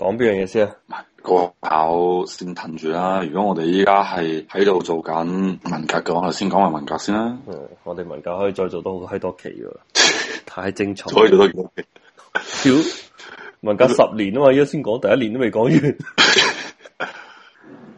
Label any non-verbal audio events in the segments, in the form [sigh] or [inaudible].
講邊樣嘢先啊？國考先停住啦。如果我哋依家係喺度做緊文革嘅話，我哋先講埋文革先啦、嗯。我哋文革可以再做多好多期噶 [laughs] 太精彩。所以做到多期？ [laughs] 文革十年啊嘛？依家先講第一年都未講完。 [laughs]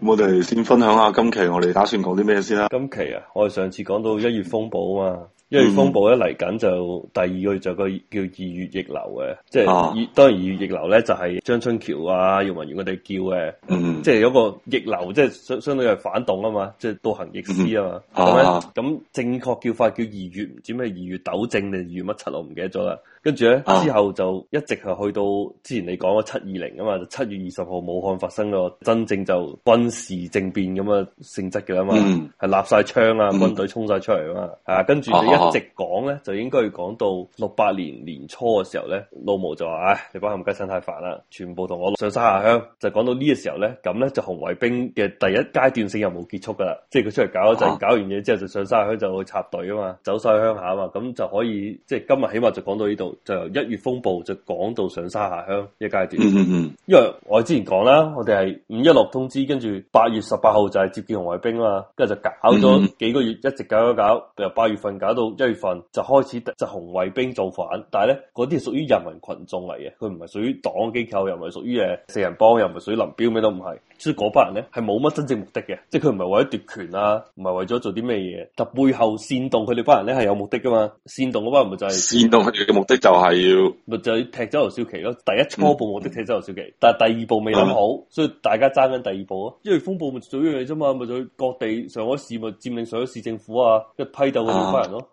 我哋先分享下今期我哋打算講啲咩先啦。今期啊，我哋上次講到一月風暴啊嘛。因、mm、為 -hmm. 風暴一嚟緊就第二個月就個叫二月逆流嘅，即係、uh -huh. 當然二月逆流咧就係、是、張春橋啊、姚文元，佢哋叫嘅。即係有一個逆流，即係相相當於係反動啊嘛，即係倒行逆施啊嘛。咁、uh、咁 -huh. uh -huh. 正確叫法叫二月唔知咩二月鬥正定二月乜七，我唔記得咗啦。跟住咧之後就一直係去到之前你講嘅七二零啊嘛，七月二十號武漢發生個，真正就軍事政變咁嘅性質嘅啊嘛，係、uh -huh. 立晒槍啊，uh -huh. 軍隊衝晒出嚟啊嘛，係啊，跟住一直講咧，就應該要講到六八年年初嘅時候咧，老毛就話：唉，你班冚家鏟太煩啦，全部同我上山下鄉。就講到呢個時候咧，咁咧就紅衛兵嘅第一階段性任務結束噶啦，即係佢出嚟搞一陣，就是、搞完嘢之後就上山下鄉就去插隊啊嘛，走晒鄉下啊嘛，咁就可以即係今日起碼就講到呢度，就由一月風暴就講到上山下鄉一個階段。 [laughs] 因為我之前講啦，我哋係五一六落通知，跟住八月十八號就係接見紅衛兵啊嘛，跟住就搞咗幾個月，一直搞搞搞，由八月份搞到。一月份就開始就紅衛兵造反，但係咧，嗰啲係屬於人民群眾嚟嘅，佢唔係屬於黨機構，又唔係屬於誒四人幫，又唔係屬於林彪，咩都唔係，所以嗰班人咧係冇乜真正目的嘅，即係佢唔係為咗奪權啊，唔係為咗做啲咩嘢，就背後煽動佢哋班人咧係有目的噶嘛，煽動嗰班人咪就係、是、煽動佢哋嘅目的就係要咪就劈走劉少奇咯，第一初步目的劈走劉少奇，但係第二步未諗好、嗯，所以大家爭緊第二步咯，因為風暴咪做呢樣嘢啫嘛，咪就去各地上海市咪佔領上海市政府啊，一批鬥嗰班人咯。啊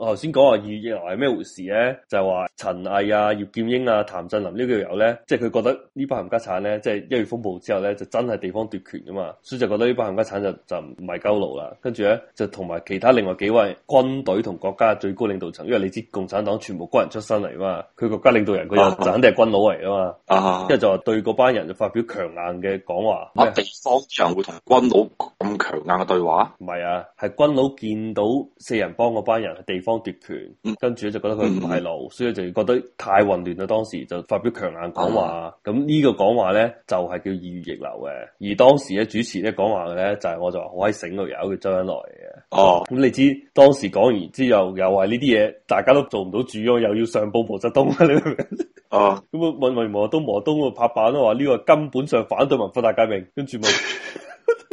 我頭先講話二月逆流係咩回事咧？就係話陳毅啊、葉劍英啊、譚振林這些呢幾條友咧，即係佢覺得這呢班冚家產咧，即係一月風暴之後咧，就真係地方奪權噶嘛，所以就覺得呢班冚家產就就唔係鳩佬啦。跟住咧，就同埋其他另外幾位軍隊同國家最高領導層，因為你知道共產黨全部軍人出身嚟嘛，佢國家領導人佢又就肯定係軍佬嚟噶嘛。啊，即、啊、係就話對嗰班人就發表強硬嘅講話啊。啊，地方上會同軍佬咁強硬嘅對話？唔係啊，係軍佬見到四人幫嗰班人地方。奪權，跟住咧就覺得佢唔係路，所以就覺得太混亂啦。當時就發表強硬講話，咁、啊、呢、這個講話咧就係叫二月逆流嘅。而當時咧主持咧講話嘅咧就係我就好醒目友，叫周恩來嘅。哦、啊，咁你知當時講完之後又話呢啲嘢大家都做唔到主，又要上報毛澤東。咁啊問毛澤東，毛澤東拍板話呢個根本上反對文化大革命，跟住咪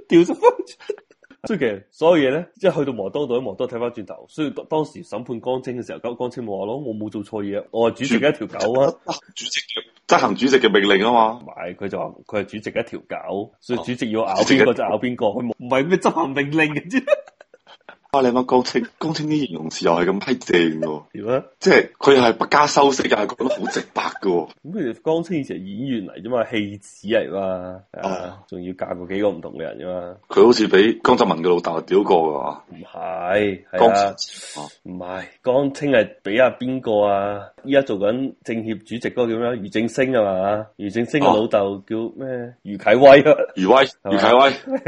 掉咗。所以其實所有嘢咧，即係去到磨刀隊，磨刀睇翻轉頭。所以當時審判江青嘅時候，江江青冇話咯，我冇做錯嘢，我係主席嘅一條狗啊，主席執行主席嘅命令啊嘛。唔係佢就話佢係主席一條狗，一條狗，哦，所以主席要咬邊個就咬邊個，唔係咩執行命令嘅啫。 [laughs] 你乜江青？江青啲形容詞又係咁批正，點啊？即係佢係不加修飾，又係講得好直白噶。咁其實江青以前係演員嚟啫嘛，戲子嚟嘛，仲、啊、要嫁過幾個唔同嘅人啫嘛。佢好似俾江澤民嘅老豆屌過噶唔係江唔係江青係俾阿邊個啊？依家、啊、做緊政協主席嗰個叫咩啊？俞正聲係嘛、啊？俞正聲嘅老豆叫咩？俞啟威、啊，俞威，俞啟威。 [laughs]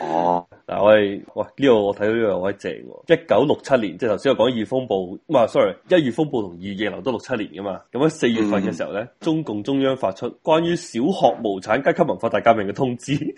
哦、啊，嗱、啊，我係喂呢、這個我睇到呢個好正喎，一九六七年，即係頭先我講二風暴，唔、啊、係，sorry，一月風暴同二月逆流都六七年噶嘛，咁喺四月份嘅時候咧、嗯，中共中央發出關於小學無產階級文化大革命嘅通知。 [laughs]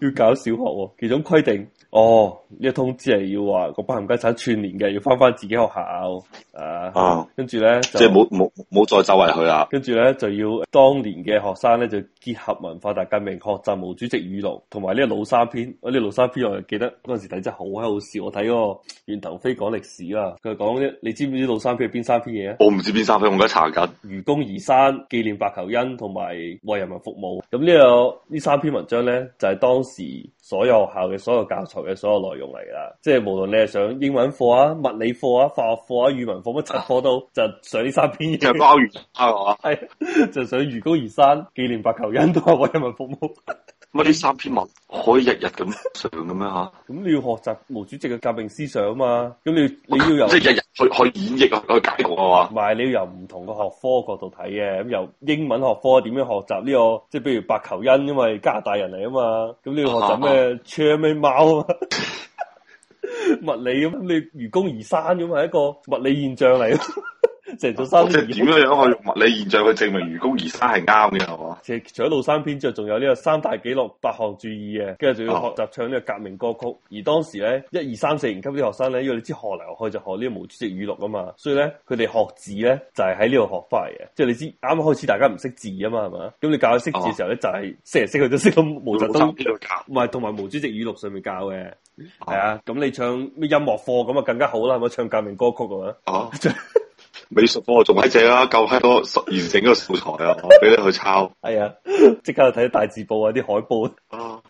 要搞小學喎、哦，其中規定哦呢一、這個、通知係要話個班唔街生串連嘅要翻翻自己學校、哦、啊，啊，跟住咧即係冇冇冇再周圍去啦。跟住咧就要當年嘅學生咧就結合文化大革命學習毛主席語錄同埋呢個老三篇。我、這、呢、個、老三篇我又記得嗰陣時睇真係好閪好笑。我睇個袁騰飛講歷史啊，佢講啲你知唔知老三篇係邊三篇嘢啊？我唔知邊三篇我在在，我而家查緊愚公移山、紀念白求恩同埋為人民服務。咁呢、這個呢三篇文章咧就係、是、當。當時所有學校嘅所有教材嘅所有內容嚟噶，即係無論你係上英文課啊、物理課啊、化學課啊、語文課乜柒課都就上呢三篇嘢。就高係，就上愚 [laughs] [laughs] [laughs] 公移山、紀念白求恩， [laughs] 都係為人民服務。 [laughs] 乜呢三篇文可以日日咁上嘅咩吓？咁你要學習毛主席嘅革命思想啊嘛。咁你你要由即係日日去去演繹啊，去解讀啊嘛。唔係，你要由唔同嘅學科角度睇嘅。咁由英文學科點樣學習呢個？即係比如白求恩，因為加拿大人嚟啊嘛。咁你要學習咩？Chairman Mao 啊嘛。 [laughs] [laughs] 物理咁你愚公移山咁，係一個物理現象嚟。成咗三年，啊，即係點樣樣可用物理現象去證明愚公移山係啱嘅，係嘛？即係除咗老三篇，之外仲有呢個三大紀律八項注意嘅，跟住仲要學習唱呢個革命歌曲。啊、而當時咧，一二三四年級啲學生咧，因為你知學嚟學去就學呢個毛主席語錄啊嘛，所以咧佢哋學字咧就係喺呢度學翻嚟嘅。即、就、係、是、你知啱啱開始大家唔識字啊嘛，係嘛？咁你教佢識字嘅時候咧、啊，就係、是、識嚟識去都識到毛澤東呢個教，唔係同埋毛主席語錄上面教嘅。係啊，咁、啊啊、你唱咩音樂課咁啊更加好啦，係咪？唱革命歌曲啊？ [laughs] 美術科仲喺度啊，夠嗨多完整嘅素材啊。 [laughs] 我俾你去抄。係 [laughs] 啊、哎，即刻去睇大字報啊，啲海報。